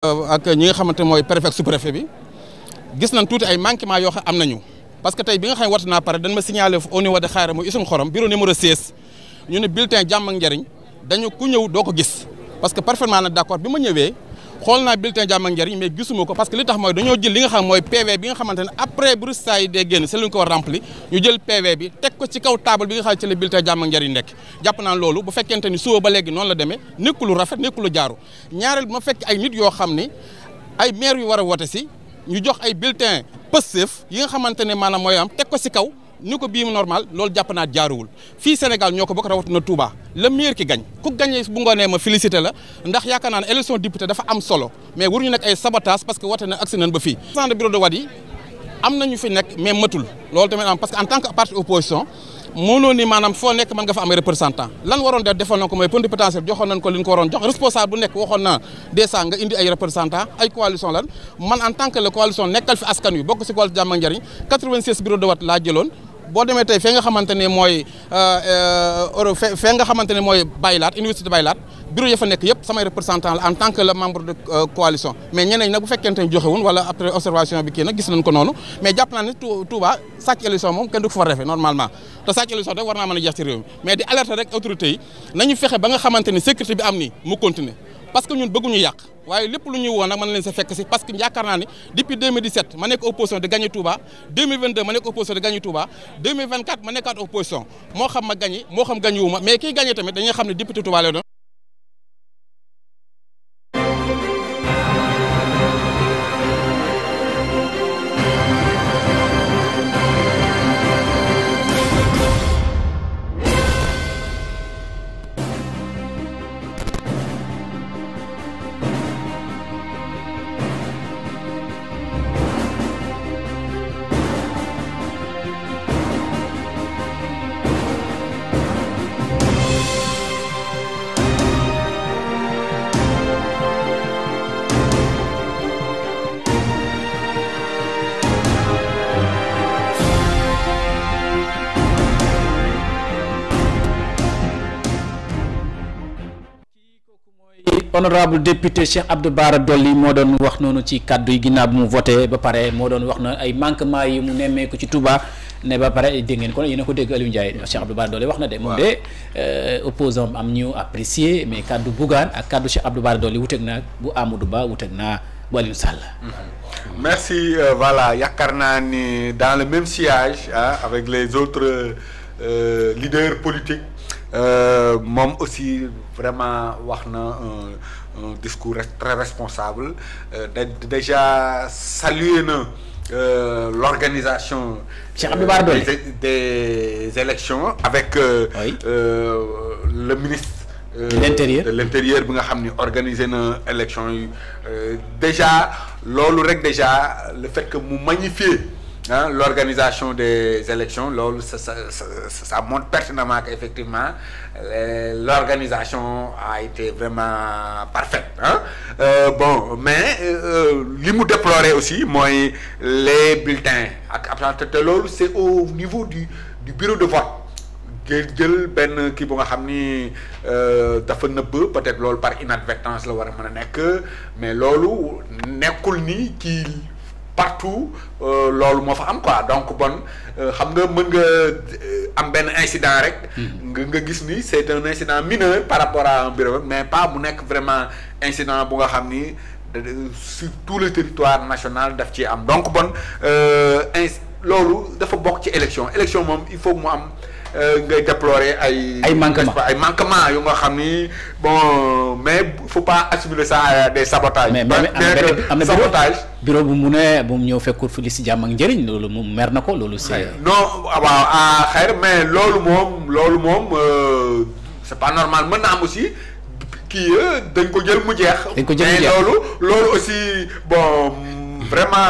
Euh, ak ñi nga xamante mooy préfet sous préfet bi gis nañ tuuti ay manquement yoo xam am nañu parce que tey bi nga xam ne wat naa pare dañ ma signalé au niveau de xaare mooy usum xorom bureau numéro 16 ñu ne bulletin jàmm ak njariñ dañu ku ñëw doo ko gis parce que parfaitement na d'accord bi ma ñëwee xool naa bulletin jàmm ak njariñ mais gisuma ko parce que li tax mooy dañoo jël li nga xam mooy PV bi nga xamante ne après bu résultat yi dee génn c'est lu ko war rempli ñu jël PV bi teg ko ci kaw table bi nga xam ne ci la nekk jàpp naa loolu bu fekkente ni suba ba léegi noonu la demee nekku lu rafet nekku lu jaaru ñaareel ma fekk ay nit yoo xam ne ay maire yu war a wote si ñu jox ay bulletin Pastef yi nga xamante ne maanaam mooy am teg ko si kaw ni ko bii normal loolu jàpp naa jaaruwul fii Sénégal ñoo ko bokk rawatina Touba le meilleur ki gañ ku gañ bu ma félicité la ndax yaakaar naa ne élection député dafa am solo mais waruñu nekk ay sabotage parce que wate na agsi nañ ba fii de bureau de Wade yi am nañu fi nekk mais matul loolu tamit am parce que en tant que parti opposition mënoon ni maanaam foo nekk mën nga fa am représentant lan waroon def defoon ko mooy point de potentiel la coalition boo demee tey fee nga xamante ne mooy euh, euh, fee nga xamante ne mooy Baylaat université Baylaat bureau ya fa nekk yëpp samay représentant la en tant que le membre de euh, coalition mais ñeneen nag bu fekkente ne joxe wun wala après observation bi kii nag gis nañ ko noonu mais jàpp naa ne Touba sàcc élection moom kenn du ko fa normalement te sàcc élection rek war naa mën a jeex ci réew mi mais di alerter rek autorités yi nañu fexe ba nga xamante ne sécurité bi am nii mu continuer parce que ñun yàq waaye lépp lu ñuy woon nag mën leen sa fekk si parce que yaakaar naa ne depuis 2017 ma nekk opposition di gagné Touba 2022 ma nekk opposition di gagné Touba 2024 ma nekkaat opposition moo xam ma gagné moo xam gagné wu mais kiy gagné tamit dañuy xam ne député Touba lay honorable député Cheikh Abdou Bara Dolly moo doon wax noonu ci kàddu yi ginnaaw bi mu voté ba pare moo doon wax na ay manquement yi mu nemmeeku ci Touba ne ba pare dégg ngeen ko yéen a ko dégg Aliou Ndiaye Cheikh Abdou a Dolly wax na de moom de euh, opposant am ñu apprécié mais kàddu Bougane ak kàddu Cheikh Abdou Bara Dolly wuteeg naa bu Amadou Ba wuteeg naa bu Aliou Sall merci euh, yaakaar naa ni dans le même sillage ah avec les autres euh, leaders Euh, moom aussi vraiment wax na un un discours très responsable euh, da déjà salué na euh, l'organisation des des élections avec le ministre de l'intérieur de bi nga xam ni organisé na élection yi déjà loolu rek déjà le fait que mu magnifier ah l' organisation des élections loolu ça ça ça ça montre pertinemment effectivement euh, l' organisation a été vraiment parfaite euh, bon mais euh, li mu déplorer aussi mooy les bulletins ak absence te loolu c' est au niveau du du bureau de vote jël jël benn kii bu nga xam ni dafa nëbb peut-être loolu par inadvertance la war a a nekk mais loolu nekkul ni ci. partout euh, loolu moo fa am ko donc bon euh, xam nga mën nga euh, am benn incident rek. Mm-hmm. nga nga gis ni c' est un incident mineur par rapport à un mais pas mu nekk vraiment incident bu nga xam ni sur tout le territoire national daf ci am donc bon in loolu dafa bokk ci élection élection moom il faut mu am. Euh, ngay déplorer ay. ay manquement ay manquement yu nga xam ni bon mais faut pas assimiler ça à des sabotages. mais am na sabotage. bu mu ne bu mu ñëw fekkul fu li si jàmm ak njëriñ loolu moom mer na ko loolu. c'est non ah, waaw ah xëy mais loolu moom loolu moom euh, c'est pas normal mën na am aussi. kii euh, dañ ko jël mu jeex. dañ ko jël mu jeex loolu loolu aussi bon. vraiment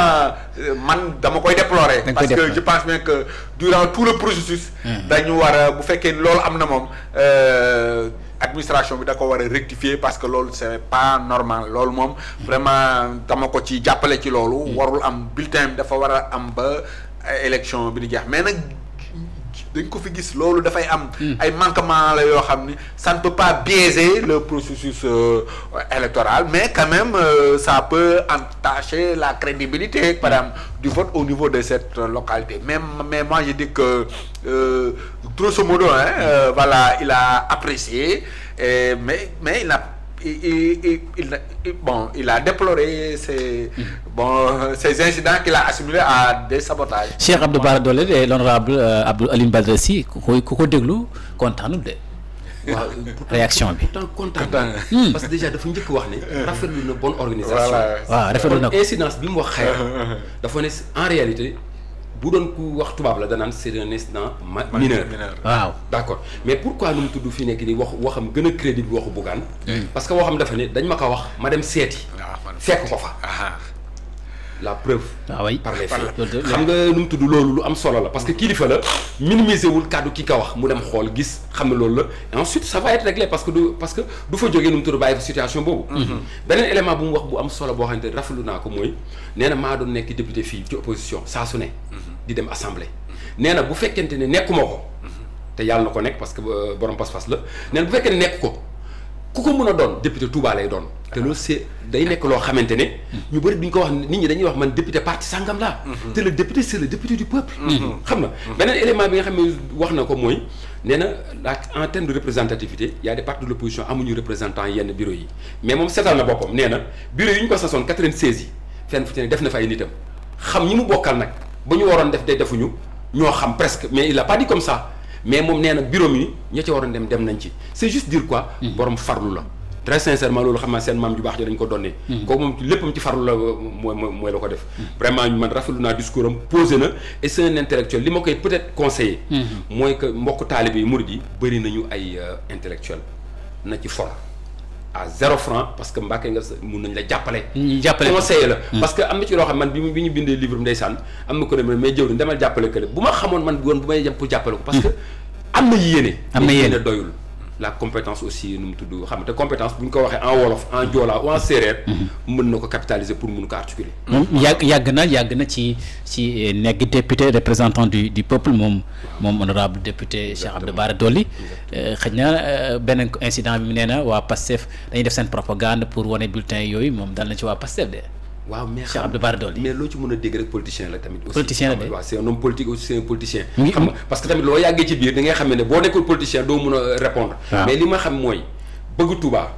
euh, man dama koy déplorer. parce que je pense bien que durant tout le processus. Mm-hmm. dañu war a bu fekkee loolu am na moom euh, administration bi da ko war a rectifier parce que loolu c' pas normal loolu moom. Mm-hmm. vraiment dama ko ci jàppale ci loolu. Mm-hmm. warul am bulletin bi dafa war a am ba euh, élection bi di jeex mais nag. dañ ko fi gis loolu dafay am. Hmm. ay manquement la yoo xam ni ça ne peut pas biaiser le processus euh, électoral mais quand même euh, ça peut entacher la crédibilité par hmm. exemple du vote au niveau de cette euh, localité mais mais moi je dis que grosso modo hein voilà il a apprécié mais mais il n'a il, il, a déploré ces, mmh. bon, ces incidents qu'il à des sabotages. Cheikh Abdou Bara Dolé et l'honorable euh, Abdou Aline ku ko déglu kontaanul de. réaction bi pourtant kontaan hmm. parce que déjà dafa njëkk wax ne rafetlu na bonne organisation. waaw rafetlu na ko incidence bi mu wax xëy dafa ne en réalité. bu doon ku wax tubaab la danaan c'est un incident mineur waaw d'accord mais pourquoi nu mu tudd fii nekk nii wax waxam gën a crédit bi waxu Bougane parce que waxam dafa ne dañ ma ko wax ma dem seeti ah, fekk ko fa ah, ah. la preuve. Ah par les xam nga nu mu tudd loolu lu am solo la parce que kilifa la minimiser wul kàddu ki ka wax mu dem xool gis xam ne loolu la et ensuite ça va être réglé parce que du parce que du fa jógee nu mu tudd bàyyi fa situation boobu. Mhm. beneen élément bu mu wax bu am solo boo xamante ne rafetlu naa ko mooy nee na maa doon nekk député fii ci opposition saa su ne. Mhm. di dem assemblée. nee na bu fekkente ne nekkuma ko. Mhm. te yàlla ko nekk parce que euh, borom pas-pas la nee na bu nekk ko. ku ko mën a doon député Touba lay doon. te loolu c'est day nekk loo xamante ne. ñu bëri duñ ko wax nit ñi dañuy wax man député parti sangam laa. Mhm. te le député c'est le député du peuple. Mhm. Mhm. xam na beneen élément bi nga xam ne wax na ko mooy nee na en terme de représentativité y a des de l'opposition amuñu représentant yenn bureau yi mais moom seetal na boppam nee na bureau yi ñu ko sasoon 96 yi fenn fu ci ne def na fa ay nitam xam ñi mu bokkal ba ñu waroon def day defuñu ñoo xam presque mais il a comme ça. mais moom nee na bureau mi ña ca waroon dem dem nañ ci c'est juste dire quoi. Mm. borom farlu la. très sincèrement loolu xam naa seen maam ju baax ja dañ ko donnee. Mm. kooku moom léppam ci farlu la mooy mooy la ko def. Mm. vraiment man rafetlu naa discours am posé na et c'est un intellectuel li ma koy peut-être conseillé. Mm-hmm. mooy que mbokk taalibe yi murid yi bëri nañu ay euh, intellectuel na ci for. à zéro franc parce que Mbacke nga mun nañ la jàppale. ñu jàppale conseiller la. Hmm. parce que am na ci loo xam man bi bi ñu bindee livre bi ndeysaan am na ko ne mais jëw ni demal jàppale kële bu ma xamoon man woon bu may dem pour jàppale ko. parce que hmm. am na yéene. am na yéene doyul. la compétence aussi nu mu tudd xam te compétence bu ñu ko waxee en wolof en joola ou en séeréer. Mhm. mën na ko capitaliser pour mën ko articuler. moom yàgg yàgg na yàgg na ci ci eh, nekk député représentant du du peuple moom moom honorable député Cheikh Abdou Bara Dolly eh, xëy na eh, beneen incident bi mu nee na waa PASTEF dañuy def seen propagande pour wane bulletin yooyu moom dal na ci waa PASTEF de. waaw mais Cheikh Abdou Bara Dolly mais loo ci mën a dégg rek politicien la tamit aussi politicien la de waaw c'est un homme politique aussi c'est un politicien xam nga parce que tamit loo yàggee ci biir da xam ne boo nekkul politicien doo mën a répondre mais li ma xam mooy bëgg Touba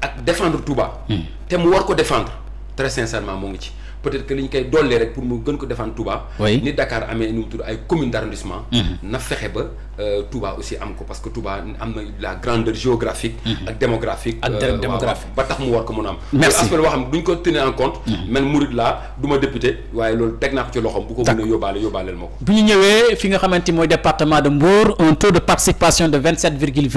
ak défendre Touba hmm. te mu war ko défendre très sincèrement moo ngi ci peut-être que li ñu koy dolli rek pour mu gën ko defaan Touba. ni Dakar amee nu mu ay communes d'arrondissement. Mm-hmm. na fexe ba euh, Touba aussi am ko parce que Touba am na grandeur géographique. Mm-hmm. ak euh, démographique. ba tax mu war ko mën am. merci aspect xam ne duñ ko tenir en compte. Mm-hmm. man Mouride laa du député waaye loolu teg naa ko ci loxoom. bu ko mën a yóbbaale yóbbaaleel ko. bu ñu ñëwee fi nga xamante mooy département de Mbour un taux de participation de vingt sept virgule